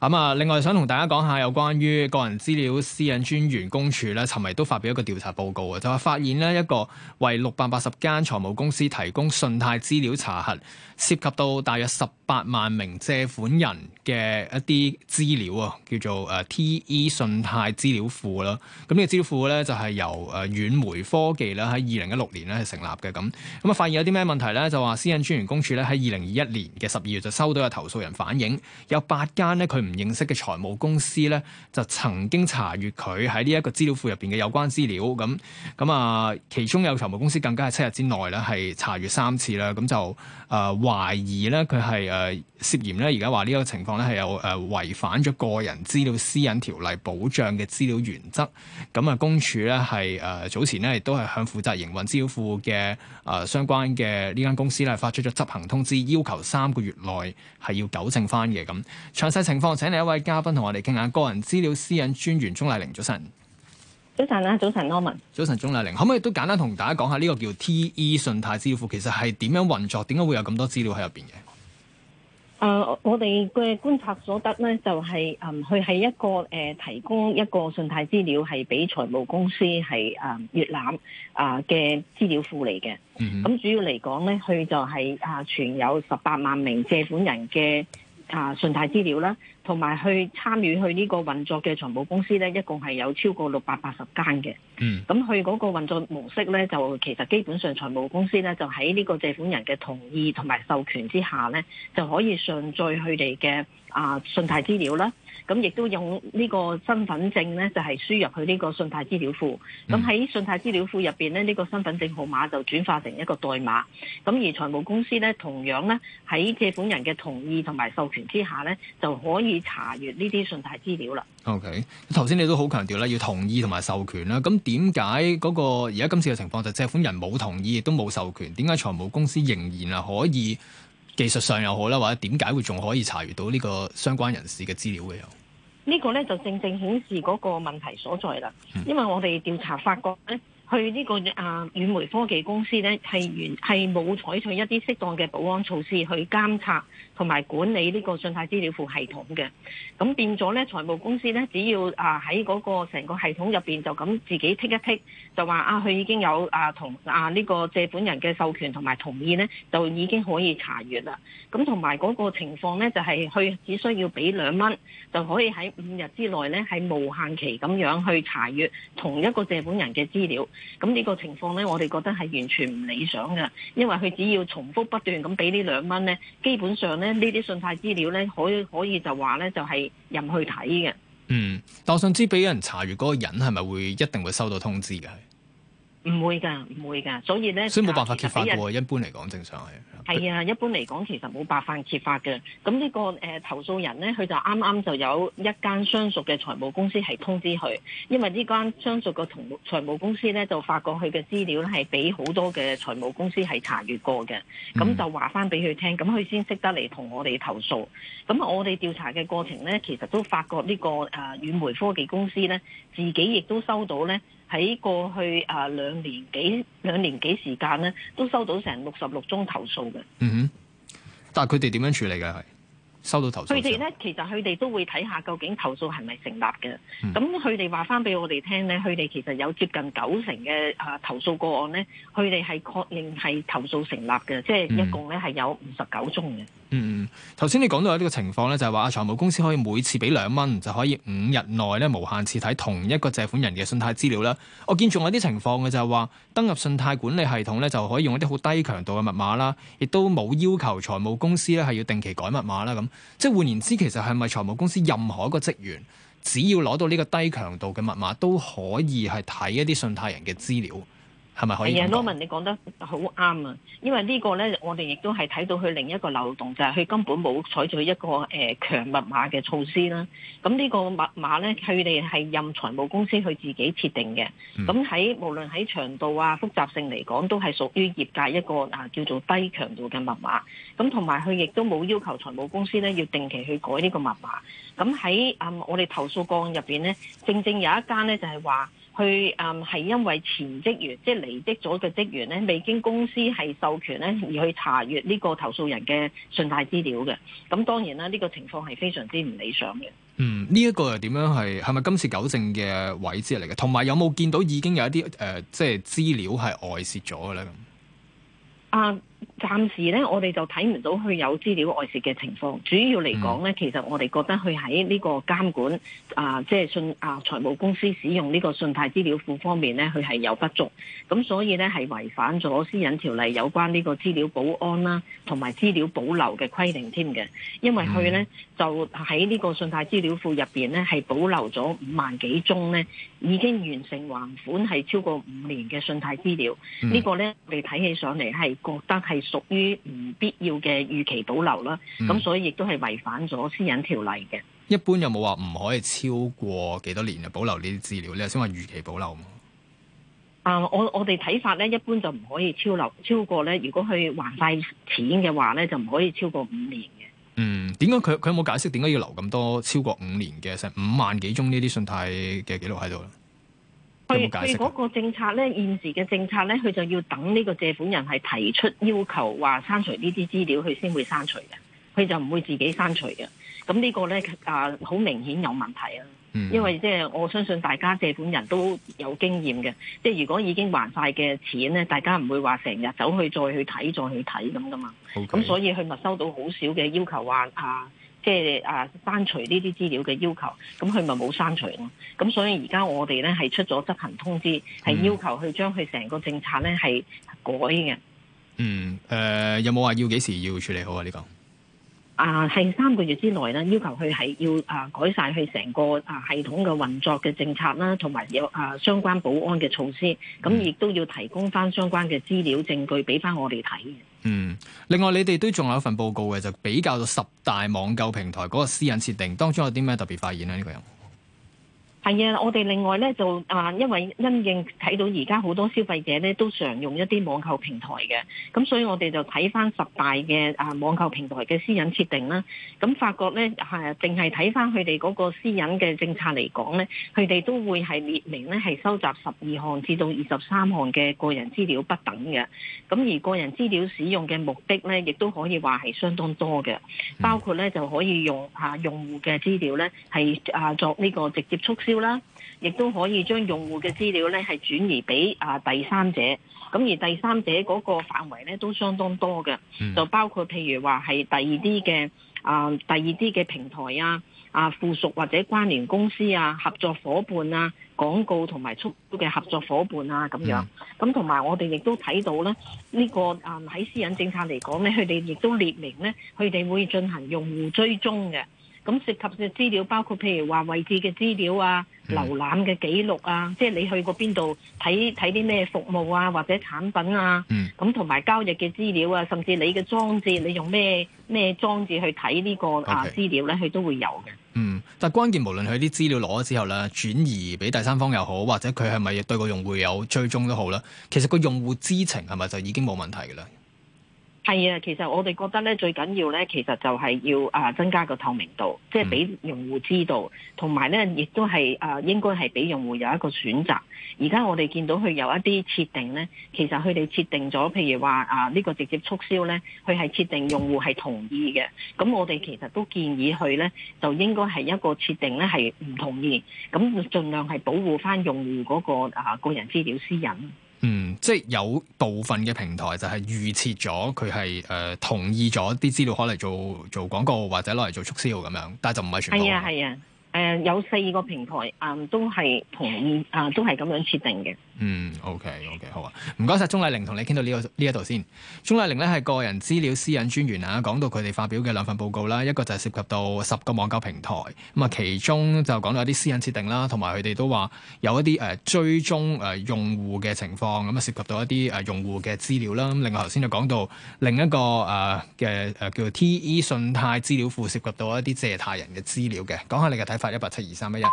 咁啊，另外想同大家講下，有關於個人資料私隱專員公署咧，尋日都發表一個調查報告啊，就話發現咧一個為六百八十間財務公司提供信貸資料查核，涉及到大約十八萬名借款人嘅一啲資料啊，叫做誒 TE 信貸資料庫啦。咁呢個資料庫咧就係、是、由誒軟媒科技啦喺二零一六年咧係成立嘅。咁咁啊，發現有啲咩問題咧？就話私隱專員公署咧喺二零二一年嘅十二月就收到有投訴人反映，有八間咧佢唔認識嘅財務公司咧，就曾經查閱佢喺呢一個資料庫入邊嘅有關資料，咁咁啊，其中有財務公司更加係七日之內咧，係查閱三次啦，咁就誒懷疑咧佢係誒涉嫌咧，而家話呢個情況咧係有誒違反咗個人資料私隱條例保障嘅資料原則，咁啊公署咧係誒早前咧亦都係向負責營運資料庫嘅誒相關嘅呢間公司咧發出咗執行通知，要求三個月內係要糾正翻嘅咁，詳細情況。請嚟一位嘉賓同我哋傾下個人資料私隱專員鍾麗玲，早晨，早晨，早晨啊，早晨，Norman，早晨，鍾麗玲，可唔可以都簡單同大家講下呢個叫 TE 信貸資料庫，其實係點樣運作？點解會有咁多資料喺入邊嘅？誒、uh，我哋嘅觀察所得呢，就係、是、誒，佢、嗯、係一個誒、呃、提供一個信貸資料係俾財務公司係誒閲覽啊嘅資料庫嚟嘅。咁、mm hmm. 嗯、主要嚟講呢，佢就係、是、啊存有十八萬名借款人嘅。啊！信貸資料啦，同埋去參與去呢個運作嘅財務公司咧，一共係有超過六百八十間嘅。嗯，咁佢嗰個運作模式咧，就其實基本上財務公司咧，就喺呢個借款人嘅同意同埋授權之下咧，就可以上載佢哋嘅啊信貸資料啦。咁亦都用呢個身份證咧，就係輸入去呢個信貸資料庫。咁喺信貸資料庫入面呢，呢個身份證號碼就轉化成一個代碼。咁而財務公司咧，同樣咧喺借款人嘅同意同埋授權之下咧，就可以查閱呢啲信貸資料啦。OK，頭先你都好強調啦，要同意同埋授權啦。咁點解嗰個而家今次嘅情況就借款人冇同意亦都冇授權？點解財務公司仍然啊可以？技術上又好啦，或者點解會，仲可以查閱到呢個相關人士嘅資料嘅又？呢個咧就正正顯示嗰個問題所在啦，因為我哋調查發覺咧。去呢個啊軟媒科技公司呢，係原係冇採取一啲適當嘅保安措施去監察同埋管理呢個信貸資料庫系統嘅，咁變咗呢，財務公司呢，只要啊喺嗰個成個系統入邊就咁自己剔一剔，就話啊佢已經有啊同啊呢個借款人嘅授權同埋同意呢，就已經可以查閱啦。咁同埋嗰個情況呢，就係佢只需要俾兩蚊就可以喺五日之內呢，係無限期咁樣去查閱同一個借款人嘅資料。咁呢個情況呢，我哋覺得係完全唔理想㗎，因為佢只要重複不斷咁俾呢兩蚊呢，基本上呢，呢啲信貸資料呢，可以可以就話呢，就係、是、任去睇嘅。嗯，但我上次俾人查閱嗰個人，係咪會一定會收到通知嘅？唔會㗎，唔會㗎，所以咧，所以冇辦法揭發㗎喎。一般嚟講，正常係。係啊，一般嚟講，其實冇辦法揭發嘅。咁、這個呃、呢個誒投訴人咧，佢就啱啱就有一間相熟嘅財務公司係通知佢，因為呢間相熟嘅同財務公司咧，就發覺佢嘅資料咧係俾好多嘅財務公司係查閲過嘅。咁就話翻俾佢聽，咁佢先識得嚟同我哋投訴。咁我哋調查嘅過程咧，其實都發覺呢、這個誒軟媒科技公司咧，自己亦都收到咧。喺過去啊兩年幾，兩年幾時間咧，都收到成六十六宗投訴嘅。嗯哼，但係佢哋點樣處理嘅？係收到投訴。佢哋咧，其實佢哋都會睇下究竟投訴係咪成立嘅。咁佢哋話翻俾我哋聽咧，佢哋其實有接近九成嘅啊投訴個案咧，佢哋係確認係投訴成立嘅。嗯、即係一共咧係有五十九宗嘅。嗯嗯，頭先你講到有呢個情況咧，就係話啊，財務公司可以每次俾兩蚊就可以五日內咧無限次睇同一個借款人嘅信貸資料啦。我見仲有啲情況嘅就係話，登入信貸管理系統咧就可以用一啲好低強度嘅密碼啦，亦都冇要求財務公司咧係要定期改密碼啦。咁即係換言之，其實係咪財務公司任何一個職員只要攞到呢個低強度嘅密碼都可以係睇一啲信貸人嘅資料？係啊，羅文，yeah, Norman, 你講得好啱啊！因為個呢個咧，我哋亦都係睇到佢另一個漏洞就係、是、佢根本冇採取一個誒、呃、強密碼嘅措施啦。咁呢個密碼咧，佢哋係任財務公司去自己設定嘅。咁喺無論喺長度啊、複雜性嚟講，都係屬於業界一個啊叫做低強度嘅密碼。咁同埋佢亦都冇要求財務公司咧要定期去改呢個密碼。咁喺啊，我哋投訴個案入邊咧，正正有一間咧就係話。佢誒係因為前職員即係離職咗嘅職員咧，未經公司係授權咧，而去查閱呢個投訴人嘅信貸資料嘅。咁當然啦，呢、這個情況係非常之唔理想嘅。嗯，呢、這、一個又點樣係係咪今次糾正嘅位置嚟嘅？同埋有冇見到已經有一啲誒、呃，即係資料係外泄咗嘅咧？咁。啊。暫時咧，我哋就睇唔到佢有資料外泄嘅情況。主要嚟講咧，其實我哋覺得佢喺呢個監管啊，即係信啊財務公司使用呢個信貸資料庫方面咧，佢係有不足。咁所以咧，係違反咗私隱條例有關呢個資料保安啦，同埋資料保留嘅規定添嘅。因為佢咧就喺呢個信貸資料庫入面咧，係保留咗五萬幾宗咧已經完成還款係超過五年嘅信貸資料。呢個咧你睇起上嚟係覺得係。屬於唔必要嘅預期保留啦，咁所以亦都係違反咗私隱條例嘅。一般有冇話唔可以超過幾多年啊？保留呢啲資料咧，先話預期保留。啊，我我哋睇法咧，一般就唔可以超留超過咧。如果去還晒錢嘅話咧，就唔可以超過五年嘅。嗯，點解佢佢有冇解釋點解要留咁多超過五年嘅？成五萬幾宗呢啲信貸嘅記錄喺度咧？佢佢嗰個政策咧，現時嘅政策咧，佢就要等呢個借款人係提出要求，話刪除呢啲資料，佢先會刪除嘅。佢就唔會自己刪除嘅。咁呢個咧啊，好明顯有問題啊！因為即係我相信大家借款人都有經驗嘅，即係如果已經還晒嘅錢咧，大家唔會話成日走去再去睇再去睇咁㗎嘛。咁 Okay. 所以佢咪收到好少嘅要求話啊？即係啊，刪除呢啲資料嘅要求，咁佢咪冇刪除咯。咁所以而家我哋咧係出咗執行通知，係要求去將佢成個政策咧係改嘅。嗯，誒、呃、有冇話要幾時要處理好啊？呢個？啊，係三個月之內呢，要求佢係要改善去整啊，改晒佢成個啊系統嘅運作嘅政策啦，同埋有啊相關保安嘅措施，咁亦都要提供翻相關嘅資料證據俾翻我哋睇。嗯，另外你哋都仲有一份報告嘅，就比較到十大網購平台嗰個私隱設定，當中有啲咩特別發現呢？呢、呢個人。係啊，嗯嗯、我哋另外咧就啊，因為因應睇到而家好多消費者咧都常用一啲網購平台嘅，咁所以我哋就睇翻十大嘅啊網購平台嘅私隱設定啦。咁發覺咧係淨係睇翻佢哋嗰個私隱嘅政策嚟講咧，佢哋都會係列明咧係收集十二項至到二十三項嘅個人資料不等嘅。咁而個人資料使用嘅目的咧，亦都可以話係相當多嘅，包括咧就可以用嚇用戶嘅資料咧係啊作呢個直接促銷。啦，亦都可以將用戶嘅資料咧係轉移俾啊第三者，咁而第三者嗰個範圍咧都相當多嘅，就包括譬如話係第二啲嘅啊第二啲嘅平台啊啊附屬或者關聯公司啊合作伙伴啊廣告同埋促銷嘅合作伙伴啊咁樣，咁同埋我哋亦都睇到咧、這、呢個啊喺私隱政策嚟講咧，佢哋亦都列明咧佢哋會進行用戶追蹤嘅。咁涉及嘅資料包括譬如話位置嘅資料啊、瀏覽嘅記錄啊，嗯、即係你去過邊度睇睇啲咩服務啊或者產品啊，咁同埋交易嘅資料啊，甚至你嘅裝置你用咩咩裝置去睇呢個啊資料咧、啊，佢 Okay. 都會有嘅。嗯，但係關鍵無論佢啲資料攞咗之後咧，轉移俾第三方又好，或者佢係咪對個用戶有追蹤都好啦，其實個用戶知情係咪就已經冇問題㗎啦？係啊，其實我哋覺得咧，最緊要咧，其實就係要啊增加個透明度，即係俾用戶知道，同埋咧，亦都係啊應該係俾用戶有一個選擇。而家我哋見到佢有一啲設定咧，其實佢哋設定咗，譬如話啊呢個直接促銷咧，佢係設定用戶係同意嘅。咁我哋其實都建議佢咧，就應該係一個設定咧，係唔同意，咁盡量係保護翻用戶嗰個啊個人資料私隱。嗯，即係有部分嘅平台就係預設咗佢係誒同意咗啲資料，攞嚟做做廣告或者攞嚟做促銷咁樣，但係就唔係全部。係啊係啊，誒有四個平台誒、嗯、都係同意誒、啊、都係咁樣設定嘅。嗯，OK，OK，、okay, okay, 好啊，唔該晒鐘麗玲同你傾到呢個呢一度先。鍾麗玲咧係個人資料私隱專員啊，講到佢哋發表嘅兩份報告啦，一個就係涉及到十個網購平台，咁啊，其中就講到一啲私隱設定啦，同埋佢哋都話有一啲誒追蹤誒用戶嘅情況，咁啊涉及到一啲誒用戶嘅資料啦。咁另外頭先就講到另一個誒嘅誒叫做 T E 信貸資料庫，涉及到一啲借貸人嘅資料嘅。講下你嘅睇法，一八七二三一一。